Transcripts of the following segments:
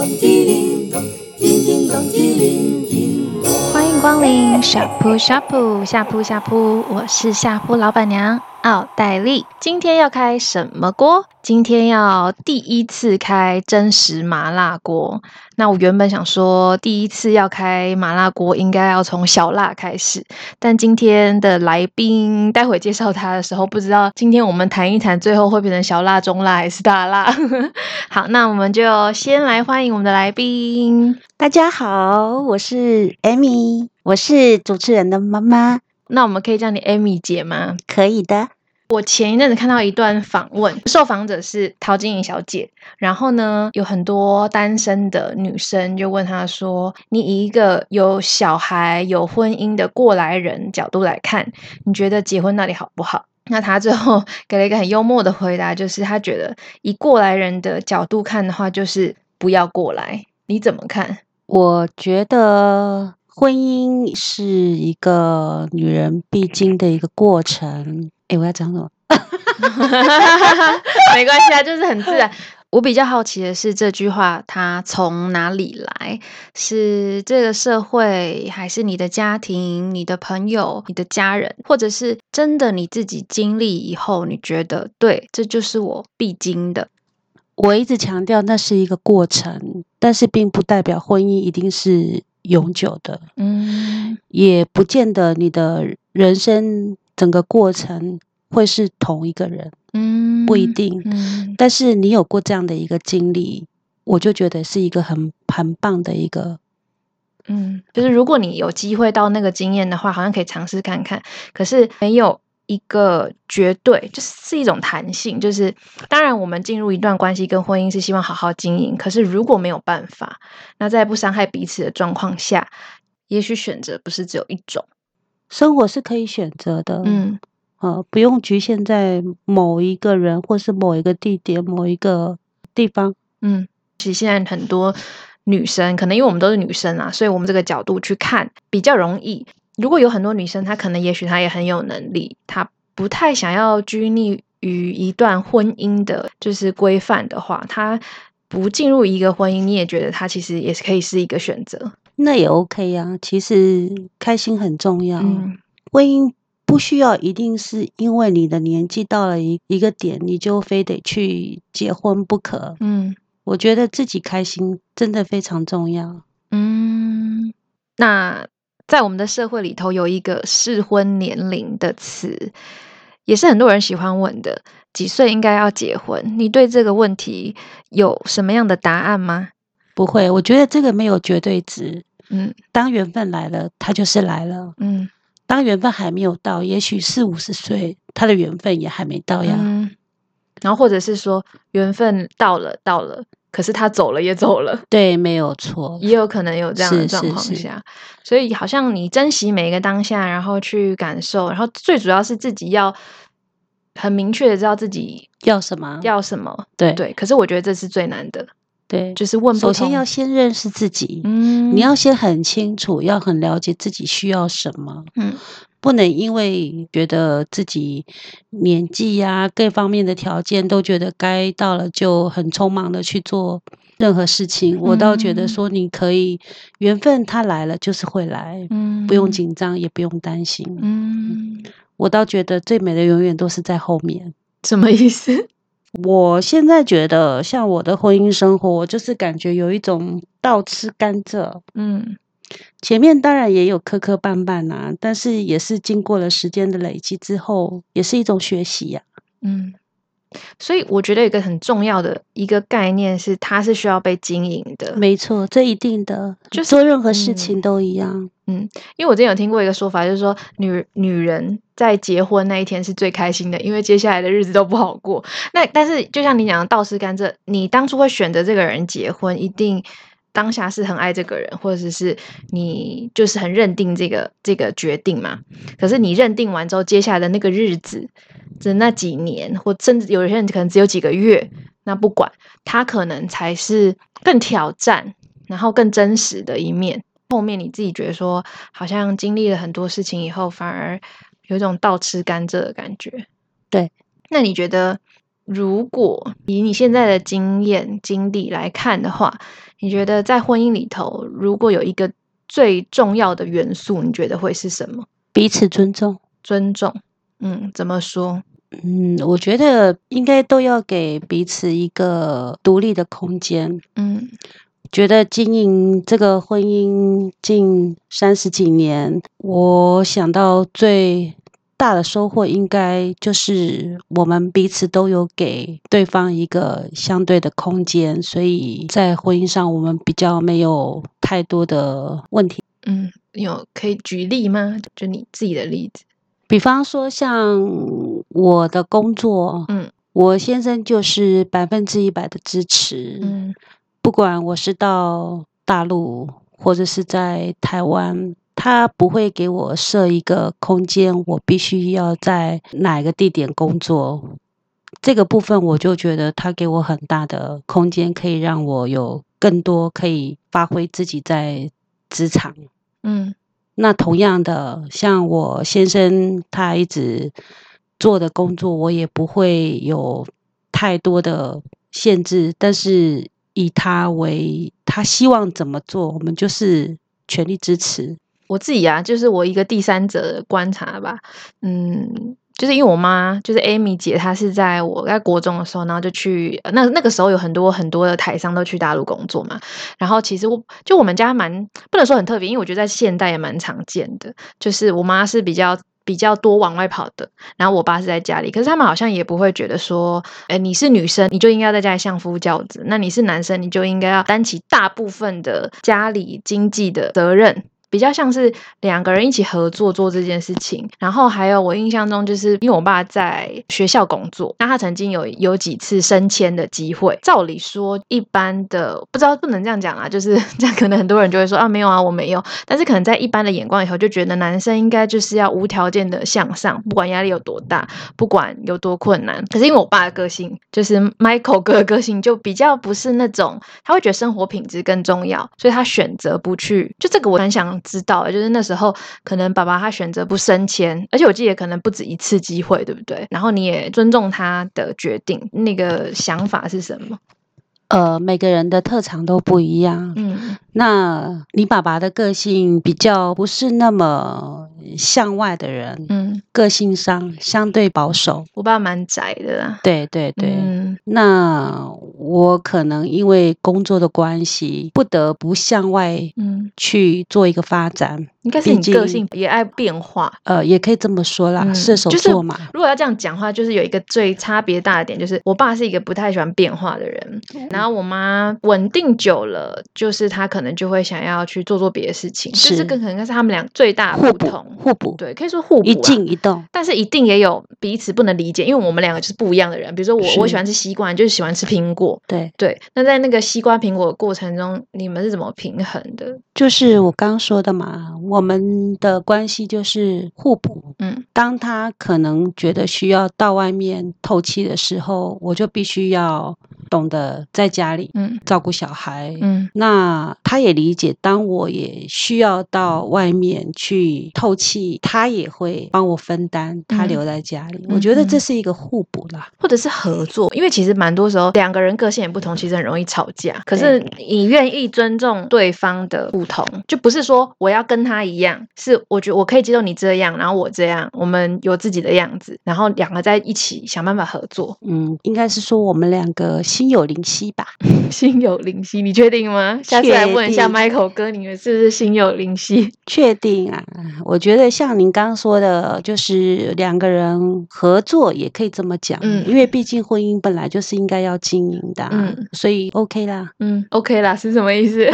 歡迎光臨，下鋪下鋪下鋪下鋪，我是下鋪老闆娘。奧黛麗，oh, 今天要開什麼鍋？今天要第一次開真實麻辣鍋。那我原本想說，第一次要開麻辣鍋，應該要從小辣開始。但今天的來賓，待會介紹他的時候，不知道今天我們談一談，最後會變成小辣、中辣還是大辣？ 好，那我們就先來歡迎我們的來賓。大家好，我是艾咪，我是主持人的媽媽。那我們可以叫你 Amy 姐嗎？可以的。我前一陣子看到一段訪問，受訪者是陶晶瑩小姐，然後呢，有很多單身的女生就問她說：“你以一個有小孩、有婚姻的過來人角度來看，你覺得結婚到底好不好？”那她最後給了一個很幽默的回答，就是她覺得以過來人的角度看的話，就是不要過來。你怎麼看？我覺得。婚姻是一個女人必經的一個過程。誒，我要講什麼？ 沒關係啊，就是很自然。 我比較好奇的是這句話，它從哪裡來？是這個社會，還是你的家庭、你的朋友、你的家人，或者是真的你自己經歷以後，你覺得對，這就是我必經的。我一直強調，那是一個過程，但是並不代表婚姻一定是。永久的，嗯，也不見得你的人生整個過程會是同一個人，嗯，不一定，嗯，但是你有過這樣的一個經歷，我就覺得是一個很很棒的一個，嗯，就是如果你有機會到那個經驗的話，好像可以嘗試看看，可是沒有。一個絕對就是是一種彈性，就是當然我們進入一段關係跟婚姻是希望好好經營，可是如果沒有辦法，那在不傷害彼此的狀況下，也許選擇不是只有一種，生活是可以選擇的，嗯，呃，不用局限在某一個人或是某一個地點、某一個地方，嗯，其實現在很多女生，可能因為我們都是女生啊，所以我們這個角度去看比較容易。如果有很多女生，她可能，也許她也很有能力，她不太想要拘泥於一段婚姻的，就是規範的話，她不進入一個婚姻，你也覺得她其實也是可以是一個選擇，那也 OK 啊。其實開心很重要，嗯、婚姻不需要一定是因為你的年紀到了一一個點，你就非得去結婚不可。嗯，我覺得自己開心真的非常重要。嗯，那。在我們的社會裡頭，有一個適婚年齡的詞，也是很多人喜歡問的：幾歲應該要結婚？你對這個問題有什麼樣的答案嗎？不會，我覺得這個沒有絕對值。嗯，當緣分來了，它就是來了。嗯，當緣分還沒有到，也許四五十歲，他的緣分也還沒到呀。嗯，然後，或者是說緣分到了，到了。可是他走了也走了，對，沒有錯，也有可能有這樣的狀況下，是是是，所以好像你珍惜每一個當下，然後去感受，然後最主要是自己要很明確的知道自己要什麼，要什麼，對對。可是我覺得這是最難的，對，就是問不，首先要先認識自己，嗯，你要先很清楚，要很了解自己需要什麼，嗯。不能因為覺得自己年紀呀、啊、各方面的條件都覺得該到了，就很匆忙的去做任何事情。嗯、我倒覺得說，你可以，緣分它來了就是會來，嗯，不用緊張，也不用擔心。嗯，我倒覺得最美的永遠都是在後面。什麼意思？我現在覺得，像我的婚姻生活，就是感覺有一種倒吃甘蔗。嗯。前面當然也有磕磕絆絆啦，但是也是經過了時間的累積之後，也是一種學習呀、啊。嗯，所以我覺得有一個很重要的一個概念是，他是需要被經營的。沒錯，這一定的，就是、做任何事情都一樣，嗯。嗯，因為我之前有聽過一個說法，就是說女女人在結婚那一天是最開心的，因為接下來的日子都不好過。那但是就像你講的，倒吃甘蔗，你當初會選擇這個人結婚，一定。當下是很愛這個人，或者是你就是很認定這個這個決定嘛？可是你認定完之後，接下來的那個日子，只那幾年，或甚至有些人可能只有幾個月，那不管，他可能才是更挑戰，然後更真實的一面。後面你自己覺得說，好像經歷了很多事情以後，反而有一種倒吃甘蔗的感覺。對，那你覺得，如果以你現在的經驗、經歷來看的話，你覺得在婚姻裡頭，如果有一個最重要的元素，你覺得會是什麼？彼此尊重。尊重。嗯，怎麼說？嗯，我覺得應該都要給彼此一個獨立的空間。嗯，覺得經營這個婚姻近三十幾年，我想到最大的收穫應該就是我們彼此都有給對方一個相對的空間，所以在婚姻上我們比較沒有太多的問題。嗯，有可以舉例嗎？就你自己的例子，比方說像我的工作，嗯，我先生就是百分之一百的支持，嗯，不管我是到大陸或者是在台灣。他不會給我設一個空間，我必須要在哪個地點工作，這個部分我就覺得他給我很大的空間，可以讓我有更多可以發揮自己在職場。嗯，那同樣的，像我先生他一直做的工作，我也不會有太多的限制，但是以他為他希望怎麼做，我們就是全力支持。我自己啊，就是我一個第三者觀察吧，嗯，就是因為我媽，就是 Amy 姐，她是在我在國中的時候，然後就去那那個時候有很多很多的台商都去大陸工作嘛，然後其實我就我們家蠻不能說很特別，因為我覺得在現代也蠻常見的，就是我媽是比較比較多往外跑的，然後我爸是在家裡，可是他們好像也不會覺得說，哎，你是女生你就應該在家裡相夫教子，那你是男生你就應該要擔起大部分的家裡經濟的責任。比較像是兩個人一起合作做這件事情，然後還有我印象中，就是因為我爸在學校工作，那他曾經有有幾次升遷的機會。照理說，一般的，不知道不能這樣講啊，就是這樣，可能很多人就會說啊，沒有啊，我沒有。但是可能在一般的眼光裡頭，就覺得男生應該就是要無條件的向上，不管壓力有多大，不管有多困難。可是因為我爸的個性，就是 Michael 哥的個性就比較不是那種，他會覺得生活品質更重要，所以他選擇不去。就這個，我很想。知道，就是那時候，可能爸爸他選擇不升遷，而且我記得可能不止一次機會，對不對？然後你也尊重他的決定，那個想法是什麼？呃，每個人的特長都不一樣，嗯，那你爸爸的個性比較不是那麼向外的人，嗯。個性上相對保守，我爸蠻宅的啦。對對對，對對嗯、那我可能因為工作的關係，不得不向外去做一個發展。嗯應該是你個性，也愛變化，呃，也可以這麼說啦。射手座嘛，如果要這樣講話，就是有一個最差別大的點，就是我爸是一個不太喜歡變化的人，然後我媽穩定久了，就是她可能就會想要去做做別的事情，是更可能是他們倆最大的不同互補，對，可以說互補一靜一動，但是一定也有彼此不能理解，因為我們兩個就是不一樣的人，比如說我我喜歡吃西瓜，就是喜歡吃蘋果，對對。那在那個西瓜蘋果的過程中，你們是怎麼平衡的？就是我剛剛說的嘛。我們的關係就是互補，嗯，當他可能覺得需要到外面透氣的時候，我就必須要。懂得在家裡照顧小孩，嗯，嗯，那他也理解，當我也需要到外面去透氣，他也會幫我分擔，他留在家裡。嗯嗯嗯，我覺得這是一個互補啦，或者是合作，因為其實蠻多時候兩個人個性也不同，其實很容易吵架。可是你願意尊重對方的不同，就不是說我要跟他一樣，是我覺得我可以接受你這樣，然後我這樣，我們有自己的樣子，然後兩個在一起想辦法合作。嗯，應該是說我們兩個。心有靈犀吧，心有靈犀，你確定嗎？下次來問一下 Michael 哥，你們是不是心有靈犀？確定啊，我覺得像您剛剛說的，就是兩個人合作也可以這麼講，嗯，因為畢竟婚姻本來就是應該要經營的，嗯，所以 OK 啦，嗯，OK 啦是什麼意思？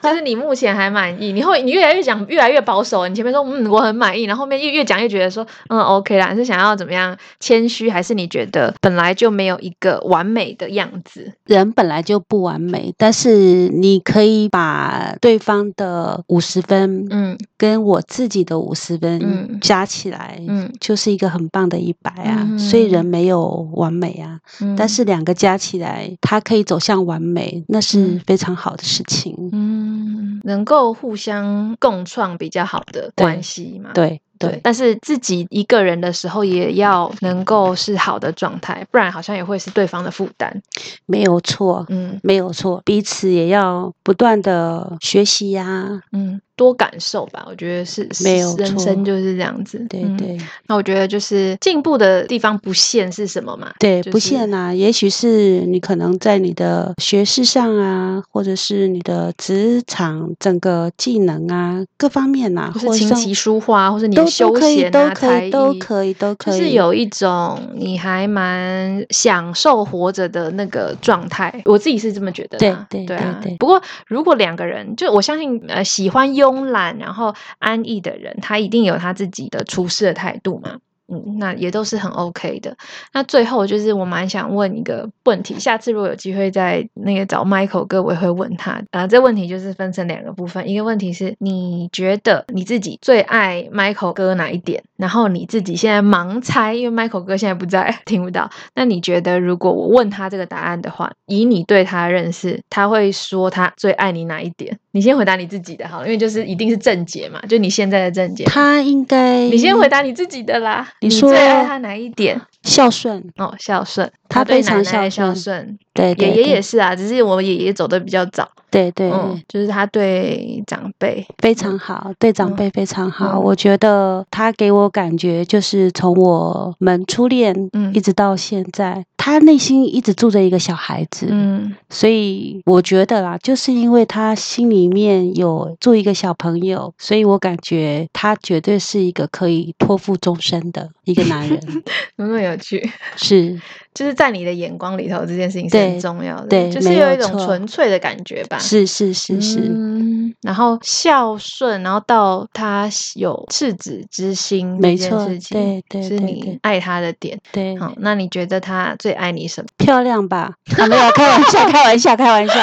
但 是你目前還滿意，你後你越來越講越來越保守，你前面說嗯我很滿意，然後後面越越講越覺得說嗯 OK 啦，你是想要怎麼樣？謙虛還是你覺得本來就沒有一個完美？美的樣子，人本來就不完美，但是你可以把對方的五十分，嗯，跟我自己的五十分加起來，嗯，就是一個很棒的一百啊。嗯，所以人沒有完美啊，嗯，但是兩個加起來，它可以走向完美，那是非常好的事情。嗯，能夠互相共創比較好的關係嘛？對。對，對。但是自己一個人的時候也要能夠是好的狀態，不然好像也會是對方的負擔。沒有錯，嗯，沒有錯，彼此也要不斷的學習呀，啊，嗯。多感受吧，我覺得是沒有人生就是這樣子。對對、嗯，那我覺得就是進步的地方不限是什麼嘛？對，就是、不限吶、啊。也許是你可能在你的學識上啊，或者是你的職場整個技能啊，各方面啊，或者琴棋書畫，或者或是你都休閒都都可以都可以，都可以，都可以就是有一種你還蠻享受活着的那個狀態。我自己是這麼覺得。對對對，對、對、啊、不過如果兩個人，就我相信呃，喜歡優。慵懶，然後安逸的人，他一定有他自己的處事的態度嘛。嗯，那也都是很 OK 的。那最後就是我蠻想問一個問題，下次如果有機會再那個找 Michael 哥，我也會問他。啊，這問題就是分成兩個部分，一個問題是你覺得你自己最愛 Michael 哥哪一點？然後你自己現在盲猜，因為 Michael 哥現在不在，聽不到。那你覺得如果我問他這個答案的話，以你對他認識，他會說他最愛你哪一點？你先回答你自己的哈，因為就是一定是正解嘛，就你現在的正解。他應該，你先回答你自己的啦。你說，你最愛他哪一點？孝順哦，孝順。他對奶奶的孝順，他非常孝順，對爺爺也是啊，只是我爺爺走的比較早。對對，對、嗯，就是他對長輩非常好，嗯、對長輩非常好。嗯、我覺得他給我感覺就是從我們初戀，一直到現在，嗯、他內心一直住着一個小孩子，嗯，所以我覺得啦，就是因為他心裡面有住一個小朋友，所以我感覺他絕對是一個可以托付終身的一個男人。多麼有趣，是 就是。在你的眼光裡頭，這件事情是很重要的，對，就是有一種純粹的感覺吧？是是是是。然後孝順，然後到他有赤子之心，這件事情，沒錯，對對，是你愛他的點。對，好，那你覺得他最愛你什麼？漂亮吧？沒有，開玩笑，開玩笑，開玩笑。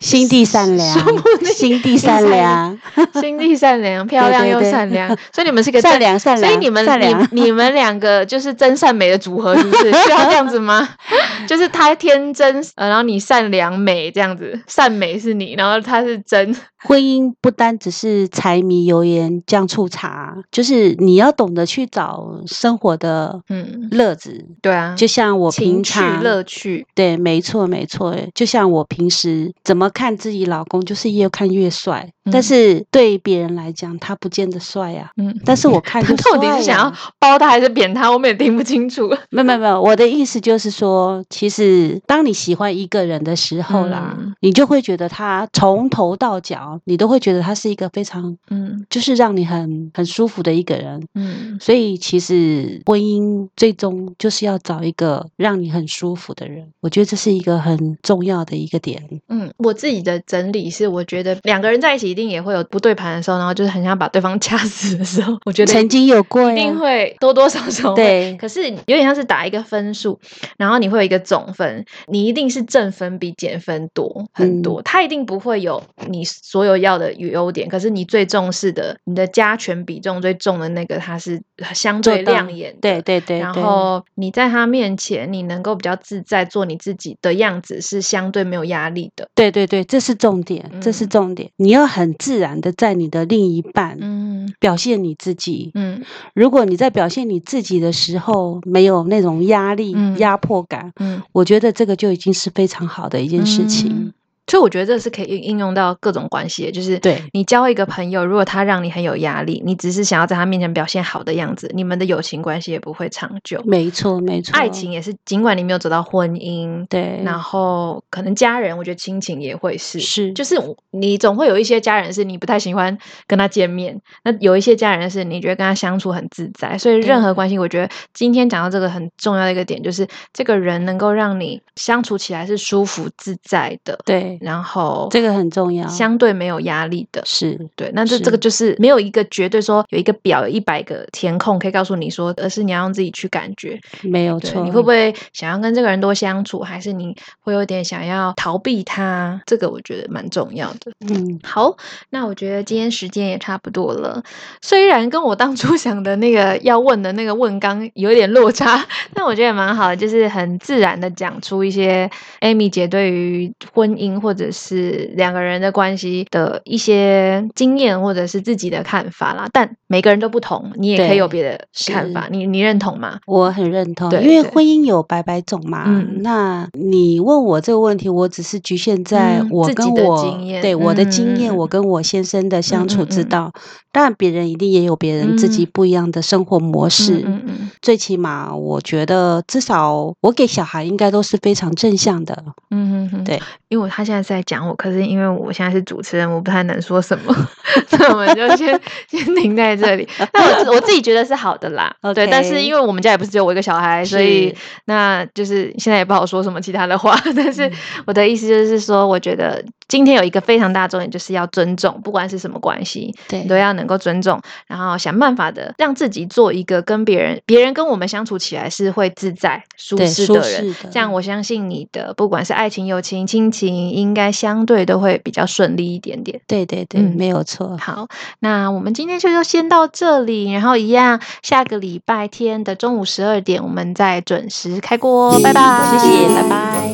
心地善良，心地善良，心地善良，漂亮又善良，所以你們是個善良善良，所以你們你你們兩個就是真善美的組合，是不是？需要這樣子嗎？ 就是他天真，呃，然後你善良美這樣子，善美是你，然後他是真。婚姻不單只是柴米油鹽醬醋茶，就是你要懂得去找生活的嗯樂子嗯，對啊，就像我平常情趣樂趣，對，沒錯沒錯，就像我平時怎麼看自己老公，就是越看越帥，嗯、但是對別人來講，他不見得帥呀、啊，嗯，但是我看你、啊嗯、 到底是想要褒他還是貶他？我們也聽不清楚。 沒有沒有沒有，我的意思就是說，其實當你喜歡一個人的時候啦，嗯啊、你就會覺得他從頭到腳。你都會覺得他是一個非常，嗯，就是讓你很很舒服的一個人，嗯，所以其實婚姻最終就是要找一個讓你很舒服的人，我覺得這是一個很重要的一個點。嗯，我自己的整理是，我覺得兩個人在一起一定也會有不對盤的時候，然後就是很想把對方掐死的時候，我覺得曾經有過啊，一定會多多少少對。可是有點像是打一個分數，然後你會有一個總分，你一定是正分比減分多很多，他，嗯，一定不會有你所。所有要的與優點，可是你最重視的，你的加權比重最重的那個，它是相對亮眼。對對對，對，然後你在他面前，你能夠比較自在做你自己的樣子，是相對沒有壓力的。對對對，這是重點，這是重點。嗯、你要很自然的在你的另一半，嗯，表現你自己。嗯，如果你在表現你自己的時候沒有那種壓力、嗯、壓迫感，嗯，我覺得這個就已經是非常好的一件事情。嗯所以我覺得這是可以應應用到各種關係，就是對你交一個朋友，如果他讓你很有壓力，你只是想要在他面前表現好的樣子，你們的友情關係也不會長久。沒錯，沒錯，愛情也是。儘管你沒有走到婚姻，對，然後可能家人，我覺得親情也會是，是，就是你總會有一些家人是你不太喜歡跟他見面，那有一些家人是你覺得跟他相處很自在。所以任何關係，對我覺得今天講到這個很重要的一個點，就是這個人能夠讓你相處起來是舒服自在的，對。然後這個很重要，相對沒有壓力的是對，是，那這這個就是沒有一個絕對說有一個表，有一百個填空可以告訴你說，而是你要讓自己去感覺，沒有錯，對。你會不會想要跟這個人多相處，還是你會有點想要逃避他？這個我覺得蠻重要的。嗯，好，那我覺得今天時間也差不多了。雖然跟我當初想的那個要問的那個問綱有點落差，但我覺得也蠻好的，就是很自然的講出一些 Amy 姐對於婚姻。或者是兩個人的關係的一些經驗，或者是自己的看法啦。但每個人都不同，你也可以有別的看法。你你認同嗎？我很認同，因為婚姻有百百種嘛。那你問我這個問題，我只是局限在我跟我自己的經驗，對我的經驗，我跟我先生的相處之道。當然，別人一定也有別人自己不一樣的生活模式。嗯嗯。最起碼，我覺得至少我給小孩應該都是非常正向的。嗯嗯。對。因為他現在是在講我，可是因為我現在是主持人，我不太能說什麼， 所以我們就先 先停在這裡。那我我自己覺得是好的啦，哦 Okay. 對，但是因為我們家也不是只有我一個小孩，所以是那就是現在也不好說什麼其他的話。但是我的意思就是說，我覺得今天有一個非常大重點，就是要尊重，不管是什麼關係，對，你都要能夠尊重，然後想辦法的讓自己做一個跟別人、別人跟我們相處起來是會自在、舒適的人。這樣我相信你的，不管是愛情、友情、親情，應該相對都會比較順利一點點。對對對，嗯、沒有錯。好，那我們今天就先到這裡，然後一樣，下個禮拜天的中午十二點，我們再準時開鍋，拜拜， 謝謝，拜拜。